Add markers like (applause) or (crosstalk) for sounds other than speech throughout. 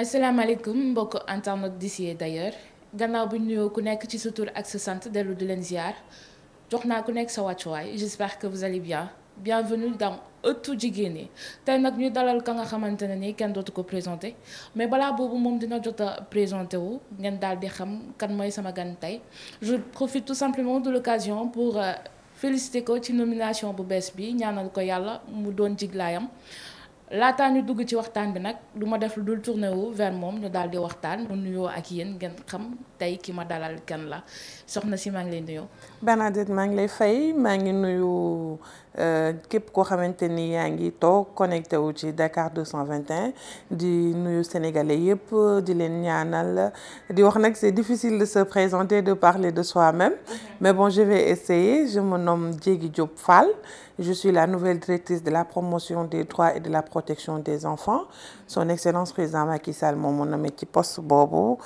asalaamaaleykum mbokk internet d'ici et d'ailleurs gannaaw bu ñu nuyoo ku nekk ci sa tur ak sa sant delu di len ziar jox naa ku nekk sa wàccuwaay j'espère que vous allez bien bienvenue dans ëttu jigéen ñi tey nag ñu dalal ka nga xamante ne nii kenn dootu ko présenté mais balaa boobu moom dina jot a présenté wu ngeen daal di xam kan mooy sama gan tey je profite tout simplement de l'occasion pour euh, féliciter ko ci nomination bu bees bi ñaanal ko yàlla mu doon jiglaayam laataa ñu dugg ci waxtaan bi nag du ma def lu dul tourné wu moom ñu daal di waxtaan mu nuyoo ak yéen ngeen xam tey ki ma dalal kan la soxna si maa ngi lay nuyoo. Bernadette maa ngi lay fay maa ngi nuyu Euh, képp koo connecté Dakar 221 du sénégalais yépp di c'est difficile de se présenter de parler de soi-même mm-hmm. mais bon je vais essayer je me nomme Diégui Diop Fall je suis la nouvelle directrice de la promotion des droits et de la protection des enfants son excellence président Macky Sall mon nom est ci poste euh,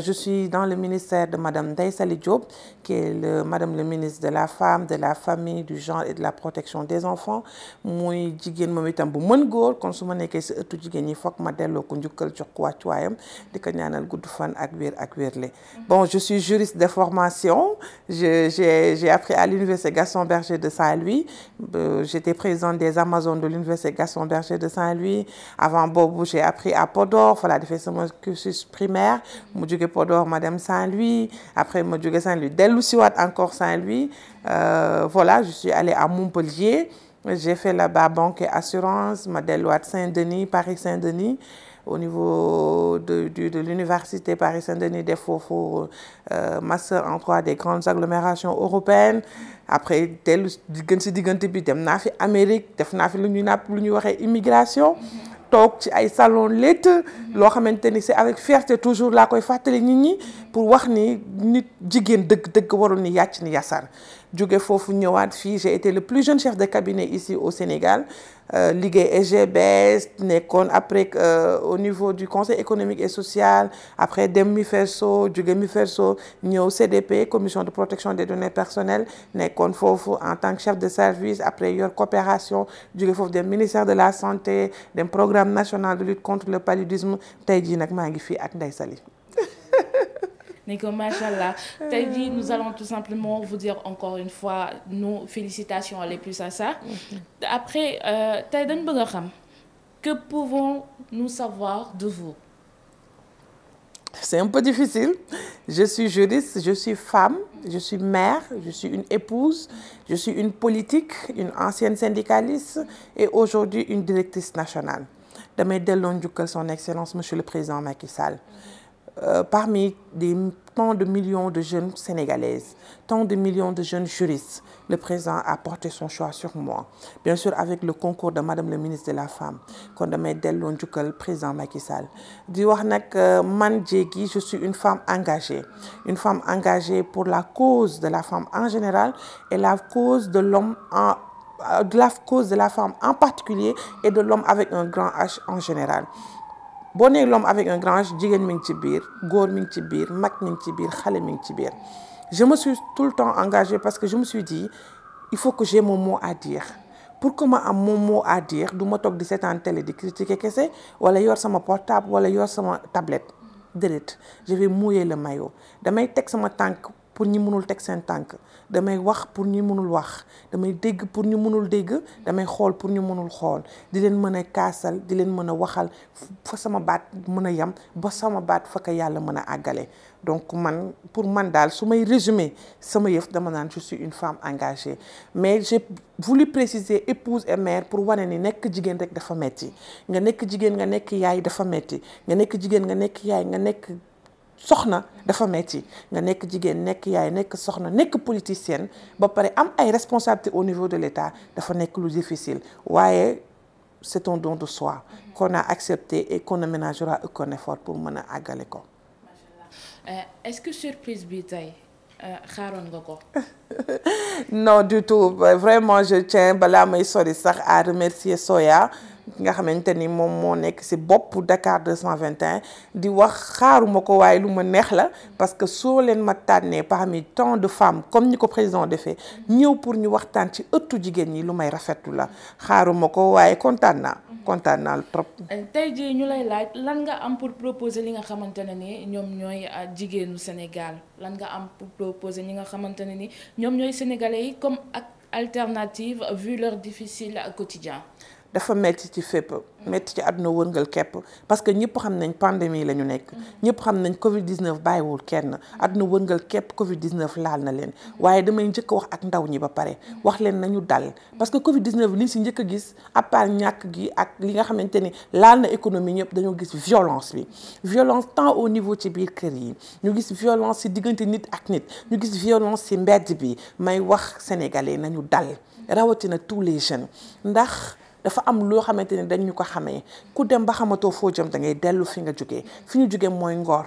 je suis dans le ministère de madame Ndeye Diop qui est le madame le ministre de la femme de la famille du genre et de la protection des enfants bon je suis juriste de formation j'ai appris à l'université Gaston Berger de Saint-Louis euh, j'étais présidente des Amazones de l'université Gaston Berger de Saint-Louis avant bobo j'ai appris à Podor voilà fait mon cursus primaire mu Podor Madame Saint-Louis après à Saint-Louis dellu wat encore Saint-Louis euh, voilà, je suis allée à Montpellier. J'ai fait là-bas banque et assurance, Madeleine, de Saint-Denis, Paris-Saint-Denis, au niveau de, l'université Paris-Saint-Denis des Faux-Faux, euh, master en trois des grandes agglomérations européennes. Après, tel digënté digënté bi l'Amérique, naa Amérique def l'immigration. fi lu ñu napp immigration. salon létt loo c'est avec fierté toujours là, koy pour voir ni nit jigéen dëgg fait warul ni ni j'ai été le plus jeune chef de cabinet ici au Sénégal euh, Ligue EGBS, après euh, au niveau du conseil économique et social après Demi-Ferso, jóge ñëw CDP commission de protection des données personnelles en tant que chef de service après une coopération jóge Fofu, dem ministère de la santé d'un programme national de lutte contre le paludisme tey jii nag mais machallah nous allons tout simplement vous dire encore une fois nos félicitations les plus à ça après euh, Taïdan dañ que pouvons-nous savoir de vous c'est un peu difficile. Je suis juriste, je suis femme, je suis mère, je suis une épouse, je suis une politique, une ancienne syndicaliste et aujourd'hui une directrice nationale. De mes son Excellence, Monsieur le Président Macky Sall. Euh, parmi tant de millions de jeunes sénégalaises, tant de millions de jeunes juristes, le président a porté son choix sur moi. Bien sûr, avec le concours de Madame le ministre de la Femme, qu'on a mis président Macky Sall. Euh, je suis une femme engagée, une femme engagée pour la cause de la femme en général et la cause de l'homme euh, la cause de la femme en particulier et de l'homme avec un grand H en général boo nee l'homme avec un grand jigéen mi ngi ci biir góor mi ngi ci biir mag mi ngi ci biir xale mi ci biir je me suis tout le temps engagée parce que je me suis dit il faut que j'ai mon mot à dire pour que ma mon mot à dire du ma toog di seetaan télé di critiquer kese wala yor sama portable wala yor sama tablette déedéet je vais mouiller le maillot damay tek sama tank pour ñi mënul tek sen tank damay wax pour ñu mënul wax damay dégg pour ñu mënul dégg damay xool pour ñu mënul xool di leen mën a kaasal di leen mën a waxal fa sama baat mën a yem ba sama baat fa ka yàlla mën a àggale donc man pour man daal su may résumer sama yëf dama naan je suis une femme engagée mais j'ai voulu préciser épouse et mère pour wane ni nekk jigéen rek dafa metti nga nekk jigéen nga nekk yaay dafa metti nga nekk jigéen nga nekk yaay nga nekk soxna dafa metti nga nek jigen nek yaay nek soxna nek politicienne ba pare am ay responsabilités au niveau de l'État dafa nek lu difficile wayé c'est un don de soi qu'on a accepté et qu'on aménagera aucun effort pour mener à ko. Euh, est-ce que surprise bi tey euh, xaaroon nga (laughs) non du tout vraiment je tiens may sori sax à remercier Soya nga xamanteni que mo nek ci Dakar 221 di wax neex parce que sur à ma parmi tant de femmes comme ni ko président fait ñew pour ñu waxtaan ci jigen ñi lu la trop. ñu lay laaj lan nga am pour proposer li nga xamanteni ah, Sénégal lan nga am pour proposer ñi nga xamanteni sénégalais comme alternative vu leur difficile quotidien dafa metti ci fépp metti ci parce que xam nañ pandémie nekk xam nañ covid 19 bàyyiwul kenn àdduna covid 19 laal na leen damay wax ak ndaw ñi ba wax nañu dal parce que covid 19 à part gi ak li nga laal na économie gis violence violence tant au niveau ci ñu gis violence si diggante nit ak nit ñu gis violence si mbedd bi may wax sénégalais nañu dal tous les jeunes ndax dafa am loo xamante ne dañ ñu ko xamee ku dem ba xamatoo foo jëm da ngay dellu fi nga jógee fi ñu jógee mooy ngor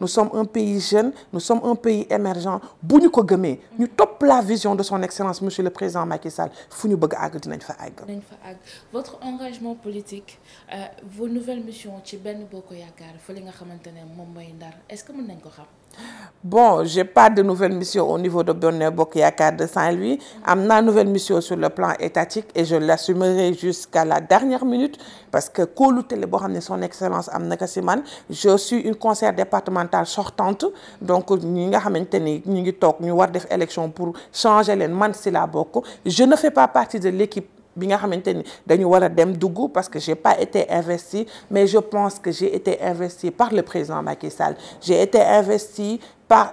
nous sommes un pays jeune nous sommes un pays émergent Nous sommes ko la vision de son excellence monsieur le président Macky Sall votre engagement politique euh, vos nouvelles missions est-ce que vous Bon, j'ai pas de nouvelles missions au niveau de Bernard Bokyakar de Saint-Louis. une nouvelle mission sur le plan étatique et je l'assumerai jusqu'à la dernière minute parce que son excellence Amna je suis une conseillère départementale sortante. Donc, nous avons nous des élection pour changer les de Je ne fais pas partie de l'équipe parce que j'ai pas été investi mais je pense que j'ai été investi par le président Macky Sall j'ai été investi par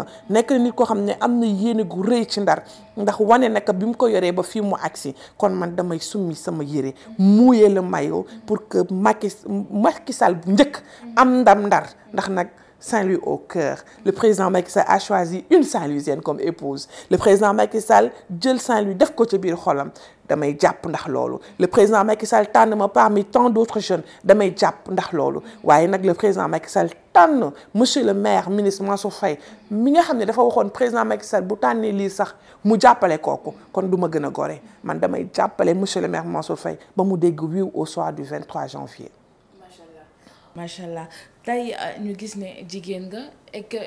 nek nit ko xam amna am gu rëy ci ndar ndax wane nak bimu ko ba fi mu agsi kon man damay summi sama yéré mouyé le mayo pour que Macky Sall bu am ndam ndar ndax nak Saint-Louis au cœur. Le président Macky Sall a choisi une Saint-Louisienne comme épouse. Le président Macky Sall jël Saint-Louis def ko ci damay jàpp ndax loolu le président Macky Sall tanne ma parmi tant d'autres jeunes damay jàpp ndax lolu. Waye nak le président Macky Sall tanne monsieur le maire ministre Mansour Faye mi nga xamné dafa waxone président Macky Sall bu tànnee li sax mu jappalé kooku kon duma gëna goré. man damay jappalé monsieur le maire Mansour Faye ba mu dégg wiiw au soir du 23 janvier. Machallah. Machallah. Tay euh, ñu gis né jigéen nga et que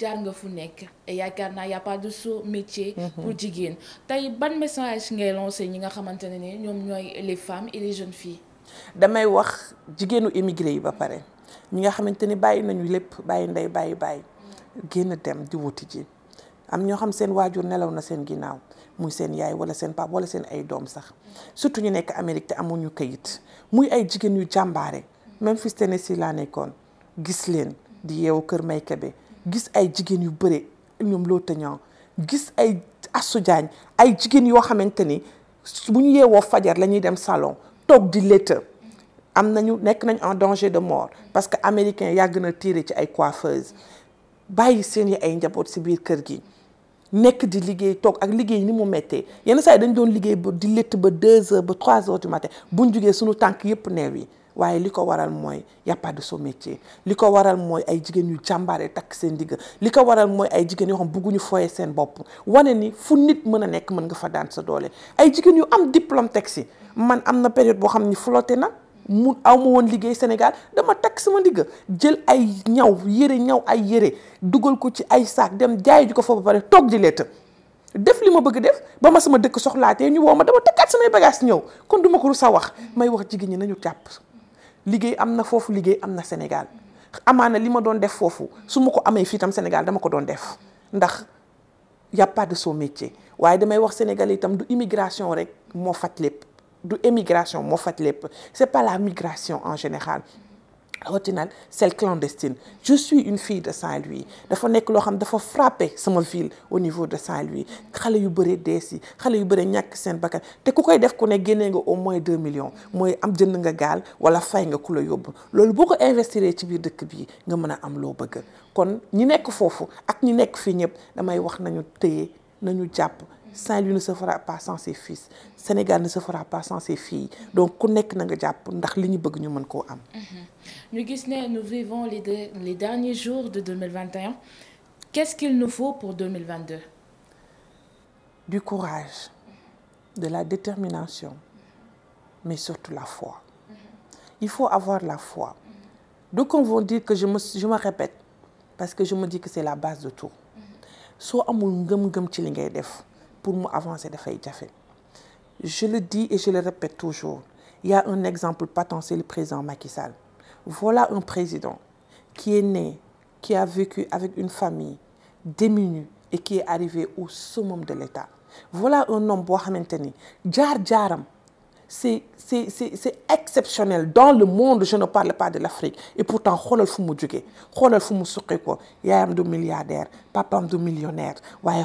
jaar nga fu nekk yaakaar naa y a pas de sot métier. Mhm. pour jigéen tey ban message ngay lancé ñi nga xamante ne ni ñoom ñooy les femmes et les jeunes filles. damay wax jigéenu émigré yi ba pare ñi nga xamante ni bàyyi nañu lépp bàyyi ndey bàyyi bàyyi génn dem di wuti ji am ñoo xam seen waajur nelaw na seen ginnaaw muy seen yaay wala seen pap wala seen ay doom sax surtout ñu nekk Amérique te amuñu kayit muy ay jigéen yu jàmbaare Memphis Tennessee la nekkoon gis leen di yeewu kër may Maykabe gis ay jigéen yu bëre ñoom loo tañaaw gis ay Astou ay jigéen yoo xamante ni bu ñu yeewoo fajar la ñuy dem salon toog di létta am nañu nekk nañ en danger de mort parce que américain yàgg na tiire ci ay coiffeuse bàyyi seen yi ay njaboot si biir kër gi nekk di liggéey toog ak liggéey ni mu méttee yenn saa yi dañ doon liggéey ba di létt ba deux heures ba trois heures du matin buñ jugee suñu tànk yëpp neew yi waaye li ko waral mooy y a pas de li ko waral mooy ay jigéen yu jàmbaare takk seen digg li ko waral mooy ay jigéen yoo xam ñu fooye seen bopp wane ni fu nit mën a nekk mën nga fa daan sa doole ay jigéen yu am diplôme teg si man am na période boo xam ni flotté na mu aw ma woon liggéey Sénégal dama takk sama ndigg jël ay ñaw yére ñaw ay yére dugal ko ci ay saak dem jaay ji ko foofu ba pare toog di leeta def li ma bëgg def ba ma sama dëkk soxlaatee ñu woo ma dama takkaat samay bagage ñëw kon duma ko rusa wax may wax jigéen ñi nañu jàpp liguey amna fofu liguey amna senegal amana lima amaana def fofu su ko amé fii tam dama ko doon def ndax y a pas de son métier waye damay wax sénégalais itam du immigration rek mo fat lépp du émigration mo fat lépp c'est pas la migration en général c'est celle clandestine je suis une fille de Saint-Louis Il faut loo xam faut frappé ville au niveau de Saint-Louis xale yu you dee si xale yu bëre ñàkk seen bakkan te ku koy il faut ne nga au moins 2 millions mooy am jënd nga wala fay nga la dans loolu ville, ko faut ci biir dëkk Il nga mën am Il bëgg kon ñi Saint-Louis ne se fera pas sans ses fils Sénégal ne se fera pas sans ses filles donc am. Mhm. nous vivons les derniers jours de 2021 qu'est-ce qu'il nous faut pour 2022. du courage de la détermination mais surtout la foi mhm. il faut avoir la foi donc on va dire que je me je me répète parce que je me dis que c'est la base de tout mhm. soit pour m'avancer avancer déjà fait. je le dis et je le répète toujours il y a un exemple patent présent le président Macky Sall voilà un président qui est né qui a vécu avec une famille démunie et qui est arrivé au summum de l'État voilà un homme boo xamante Jar c'est c'est c'est exceptionnel dans le monde je ne parle pas de l'Afrique et pourtant xoolal Fumu mu jógee Fumu fu mu suqi milliardaire papam un millionnaire waaye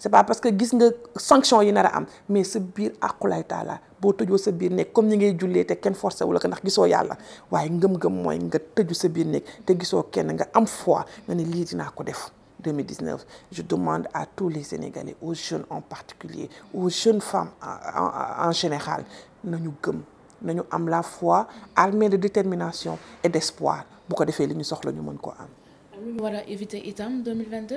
c'est pas parce que gis nga sanction yi nara a am mais ce biir àqulaay taala bo tëjoo ce bir nek comme ni ngay jullee té ken forcé wu la ndax gisoo yalla waye ngëm-ngëm moy nga tëju ce bir nek té gisoo ken nga am foi nga ne lii dinaa ko def 2019. Je demande à tous les Sénégalais, aux jeunes en particulier, aux jeunes femmes en, en, en général, nous nous am la foi, armée de détermination et d'espoir pour que nous fassions ce monde nous devons. éviter l'ITAM 2022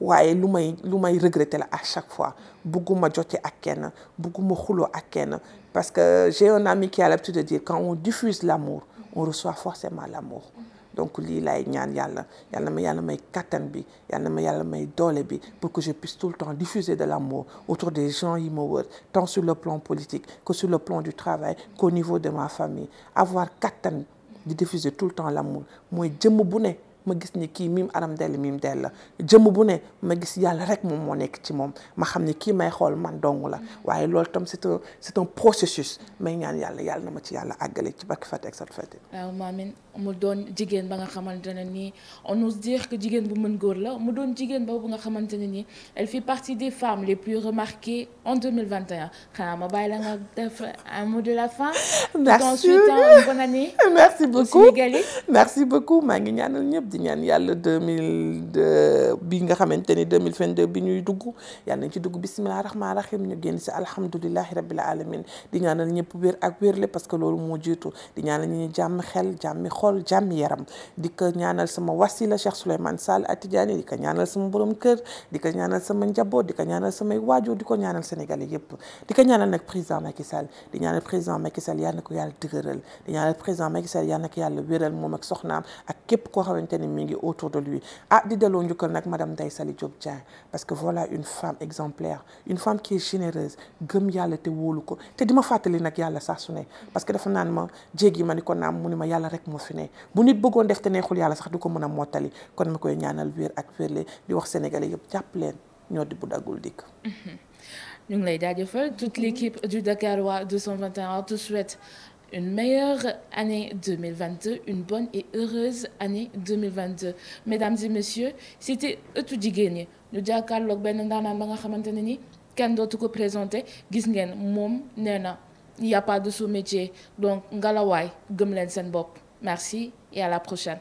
waaye lu may regretter à chaque fois bugguma ak kenn bugguma xuloo ak kenn parce que j'ai un ami qui a l'habitude de dire quand on diffuse l'amour on reçoit forcément l'amour donc lii lay ñaan yàlla yàlla ma may bi ma pour que je puisse tout le temps diffuser de l'amour autour des gens yi tant sur le plan politique que sur le plan du travail qu'au niveau de ma famille avoir kattan di diffuser tout le temps l'amour mooy jëmm bu ne ma gis ni kii mim aram dell mim dell la jëmm bu ne ma gis yàlla rek moom moo nekk ci moom ma xam ni kii may xool man dong la mm-hmm. waaye loolu tam c'est un c'est un processus may ñaan yàlla yàlla na ma ci yàlla àggale ci bakki fàtte ak sat fàtte waaw maamin mu doon jigéen ba nga xamante ne nii on nous dire que jigéen bu mën góor la mu doon jigéen boobu nga xamante ne nii elle fait partie des femmes les plus remarquées en 2021 xanaa ma bàyyi la nga def un mot de la fin. merci ensuite bonne année. merci beaucoup merci beaucoup maa ngi ñaanal ñëpp. di ñaan yàlla deux mille bi nga xamante ni deux mille vingt deux bi ñuy dugg yàlla nañ ci dugg bisimilah rahmaani rahim ñu génn si alhamdulilahi rabbil alamin di ñaanal ñëpp wér ak wérle parce que loolu moo jiitu di ñaanal ñu jàmm xel jàmmi xol jàmmi yaram di ko ñaanal sama wasila Cheikh Souleymane Sall Atidiane di ko ñaanal sama borom kër di ko ñaanal sama njaboot di ko ñaanal samay waajur di ko ñaanal Sénégalais yëpp di ko ñaanal nag président Macky Sall di ñaanal président Macky Sall yàlla na ko yàlla dëgëral di ñaanal président Macky Sall yàlla na ko yàlla wéral moom ak soxnaam ak képp koo xamante ne mi autour de lui ah di delloo njukkal nag madame Ndeye Saly Diop Dieng parce que voilà une femme exemplaire une femme qui est généreuse gëm Yalla té wóolu ko te di ma fàttali nag yàlla saa parce que dafa naan ma jéegi ma ni ko naam mu ni rek mo fi né. bu nit bëggon def té neexul Yalla sax du mëna motali. kon ma ñaanal wër ak wérle di wax sénégalais yëpp japp leen ñoo di bu daggul dikk mhm. ñu ngi lay jaajëfal toute l'équipe du Dakarois 221 te souhaite une meilleure année 2022, une bonne et heureuse année 2022. Mesdames et messieurs, c'était tout Guéné. ñu nous benn ndaanaan ba nga xamante ne ni kenn dootu ko présenté gis a pas de sous-métier donc je gëm remercie. merci et à la prochaine.